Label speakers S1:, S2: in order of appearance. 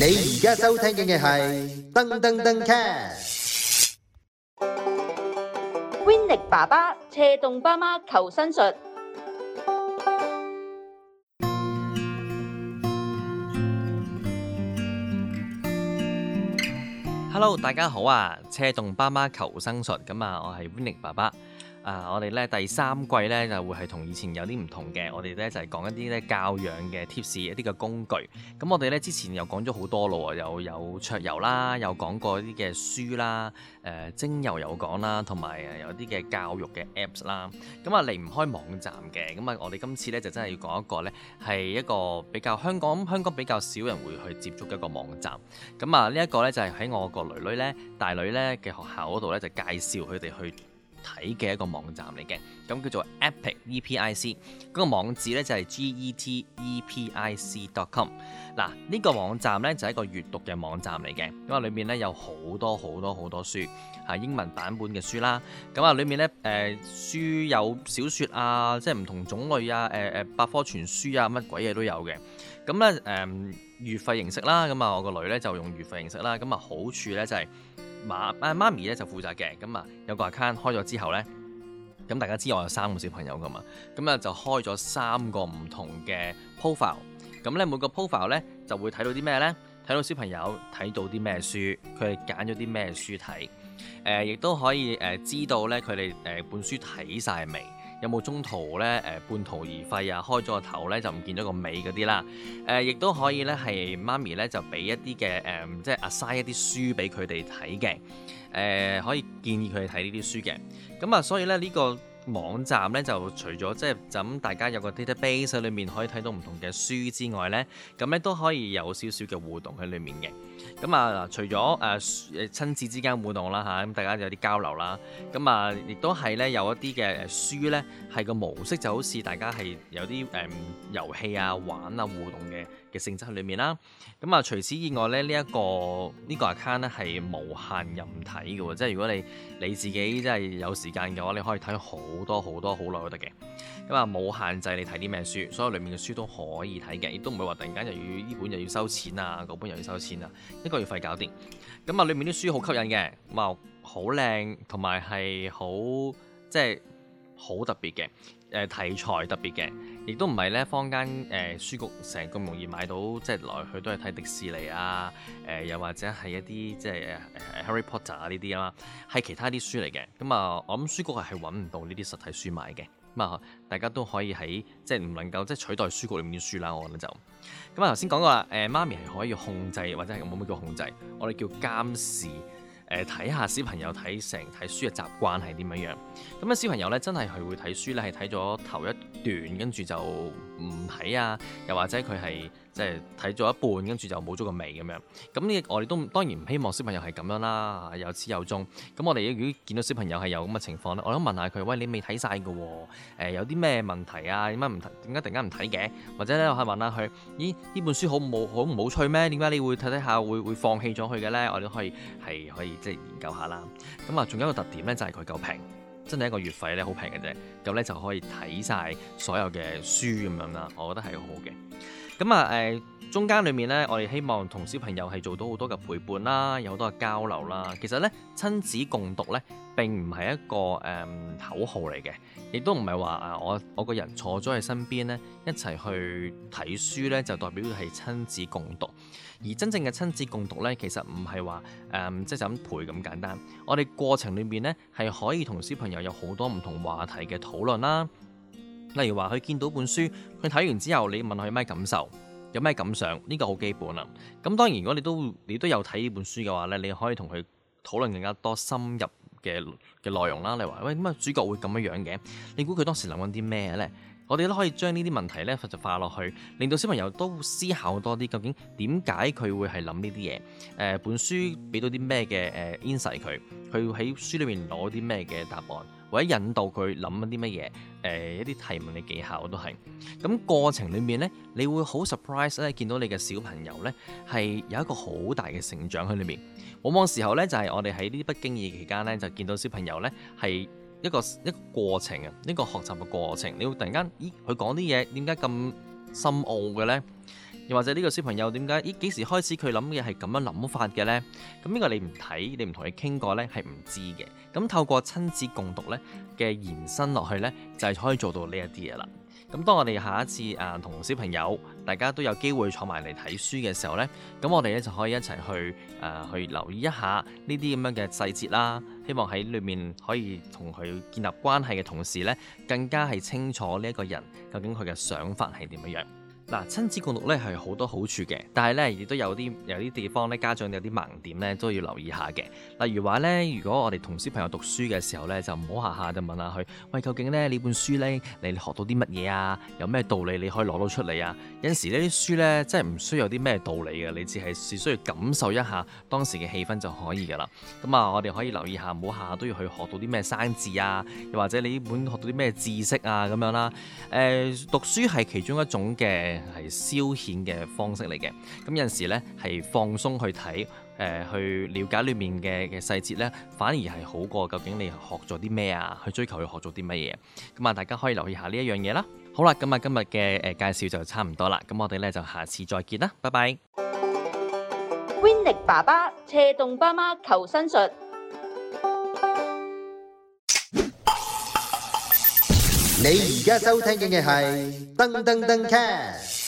S1: 你而家收聽嘅係登登登 cast，Winny 爸爸車動爸媽求生術。Hello，大家好啊！車動爸媽求生術，咁啊，我係 Winny 爸爸。啊！我哋咧第三季咧就會係同以前有啲唔同嘅，我哋咧就係、是、講一啲咧教養嘅 tips 一啲嘅工具。咁我哋咧之前又講咗好多咯，又有桌遊啦，又講過一啲嘅書啦，誒、呃、精油有講啦，同埋有啲嘅教育嘅 apps 啦。咁啊離唔開網站嘅，咁啊我哋今次咧就真係要講一個咧係一個比較香港香港比較少人會去接觸嘅一個網站。咁啊、這個、呢一個咧就係、是、喺我個女女咧大女咧嘅學校嗰度咧就介紹佢哋去。睇嘅一個網站嚟嘅，咁叫做 Epic E P I C，嗰個網址呢就係 getepic.com。嗱，呢、呢個網站呢就係一個閱讀嘅網站嚟嘅，咁啊裏面呢有好多好多好多書，嚇英文版本嘅書啦。咁啊，裏面呢，誒書有小說啊，即係唔同種類啊，誒誒百科全書啊，乜鬼嘢都有嘅。咁、呃、呢，誒月費形式啦，咁啊我個女呢就用月費形式啦。咁啊好處呢就係、係、～媽媽咪咧就負責嘅，咁啊有個 account 開咗之後呢，咁大家知我有三個小朋友噶嘛，咁啊就開咗三個唔同嘅 profile，咁咧每個 profile 呢，就會睇到啲咩呢？睇到小朋友睇到啲咩書，佢哋揀咗啲咩書睇，誒亦都可以誒知道呢，佢哋誒本書睇晒未。有冇中途咧？誒、呃、半途而廢啊，開咗個頭咧就唔見咗個尾嗰啲啦。誒、呃，亦都可以咧係媽咪咧就俾一啲嘅誒，即係阿曬一啲書俾佢哋睇嘅。誒、呃，可以建議佢哋睇呢啲書嘅。咁啊，所以咧呢、呢個。網站咧就除咗即係咁，就是、大家有個 database 喺裏面可以睇到唔同嘅書之外咧，咁咧都可以有少少嘅互動喺裏面嘅。咁啊嗱，除咗誒誒親子之間互動啦嚇，咁、啊、大家有啲交流啦，咁啊亦都係咧有一啲嘅誒書咧係個模式就好似大家係有啲誒、嗯、遊戲啊玩啊互動嘅嘅性質喺裏面啦。咁啊除此以外咧，呢、這、一個呢、這個 account 咧係無限任睇嘅喎，即係如果你你自己即係有時間嘅話，你可以睇好。好多好多好耐都得嘅，咁啊冇限制你睇啲咩書，所有裏面嘅書都可以睇嘅，亦都唔會話突然間又要呢本又要收錢啊，嗰本又要收錢啊，一個月費搞掂。咁、嗯、啊，裏面啲書好吸引嘅，話好靚，同埋係好即係。好特別嘅，誒題材特別嘅，亦都唔係咧坊間誒、呃、書局成咁容易買到，即係來去都係睇迪士尼啊，誒、呃、又或者係一啲即係、呃、Harry Potter 啊呢啲啊嘛，係其他啲書嚟嘅。咁啊，我諗書局係揾唔到呢啲實體書買嘅。咁啊，大家都可以喺即係唔能夠即係取代書局裏面啲書啦。我覺得就咁啊，頭先講過啦，誒、呃、媽咪係可以控制或者係冇乜叫控制，我哋叫監視。誒，睇下小朋友睇成睇書嘅習慣係點樣樣，咁啊小朋友咧真係係會睇書咧，係睇咗頭一段，跟住就。唔睇啊，又或者佢係即係睇咗一半，跟住就冇咗個味。咁樣。咁呢，我哋都當然唔希望小朋友係咁樣啦，有始有終。咁我哋如果見到小朋友係有咁嘅情況咧，我想問下佢，喂，你未睇晒㗎喎？有啲咩問題啊？點解唔點解突然間唔睇嘅？或者咧，我係問下佢，咦，呢本書好冇好唔好趣咩？點解你會睇睇下會會放棄咗佢嘅咧？我哋都可以係可以即係研究下啦。咁、嗯、啊，仲有一個特點咧，就係佢夠平。真係一個月費好平嘅啫，咁咧就可以睇晒所有嘅書咁樣啦，我覺得係好好嘅。咁啊，誒中間裏面咧，我哋希望同小朋友係做到好多嘅陪伴啦，有好多嘅交流啦。其實咧，親子共讀咧並唔係一個誒、嗯、口號嚟嘅，亦都唔係話誒我我個人坐咗喺身邊咧，一齊去睇書咧就代表係親子共讀。而真正嘅親子共讀咧，其實唔係話誒即係咁陪咁簡單。我哋過程裏面咧係可以同小朋友有好多唔同話題嘅討論啦。例如話，佢見到本書，佢睇完之後，你問佢咩感受，有咩感想，呢、這個好基本啦、啊。咁當然，如果你都你都有睇呢本書嘅話咧，你可以同佢討論更加多深入嘅嘅內容啦。例如話，喂，點解主角會咁樣樣嘅，你估佢當時諗緊啲咩呢？我哋都可以將呢啲問題呢實質化落去，令到小朋友都思考多啲，究竟點解佢會係諗呢啲嘢？誒、呃，本書俾到啲咩嘅誒 insight 佢，佢會喺書裏面攞啲咩嘅答案？或者引導佢諗一啲乜嘢，誒一啲提問嘅技巧都係，咁過程裏面咧，你會好 surprise 咧，見到你嘅小朋友咧係有一個好大嘅成長喺裏面。往往時候咧，就係我哋喺呢啲不經意期間咧，就見到小朋友咧係一個一個過程啊，一個學習嘅過程，你會突然間，咦，佢講啲嘢點解咁深奧嘅咧？又或者呢個小朋友點解？咦，幾時開始佢諗嘅係咁樣諗法嘅呢？咁呢個你唔睇，你唔同佢傾過呢，係唔知嘅。咁透過親子共讀呢嘅延伸落去呢，就係可以做到呢一啲嘢啦。咁當我哋下一次啊同小朋友，大家都有機會坐埋嚟睇書嘅時候呢，咁我哋呢就可以一齊去誒、啊、去留意一下呢啲咁樣嘅細節啦。希望喺裏面可以同佢建立關係嘅同時呢，更加係清楚呢一個人究竟佢嘅想法係點樣樣。嗱，親子共讀咧係好多好處嘅，但係咧亦都有啲有啲地方咧，家長有啲盲點咧，都要留意下嘅。例如話咧，如果我哋同小朋友讀書嘅時候咧，就唔好下下就問下佢，喂，究竟咧呢你本書咧，你學到啲乜嘢啊？有咩道理你可以攞到出嚟啊？有陣時呢啲書咧，真係唔需要有啲咩道理嘅，你只係只需要感受一下當時嘅氣氛就可以噶啦。咁啊，我哋可以留意下，唔好下下都要去學到啲咩生字啊，又或者你呢本學到啲咩知識啊咁樣啦。誒，讀書係其中一種嘅。係消遣嘅方式嚟嘅，咁有陣時呢係放鬆去睇，誒、呃、去了解裏面嘅嘅細節呢，反而係好過究竟你學咗啲咩啊？去追求去學咗啲乜嘢？咁啊，大家可以留意下呢一樣嘢啦。好啦，咁啊今日嘅誒介紹就差唔多啦，咁我哋呢，就下次再見啦，拜拜。Winnie 爸爸斜動爸媽求生術。你而家收聽嘅係噔噔噔 cast。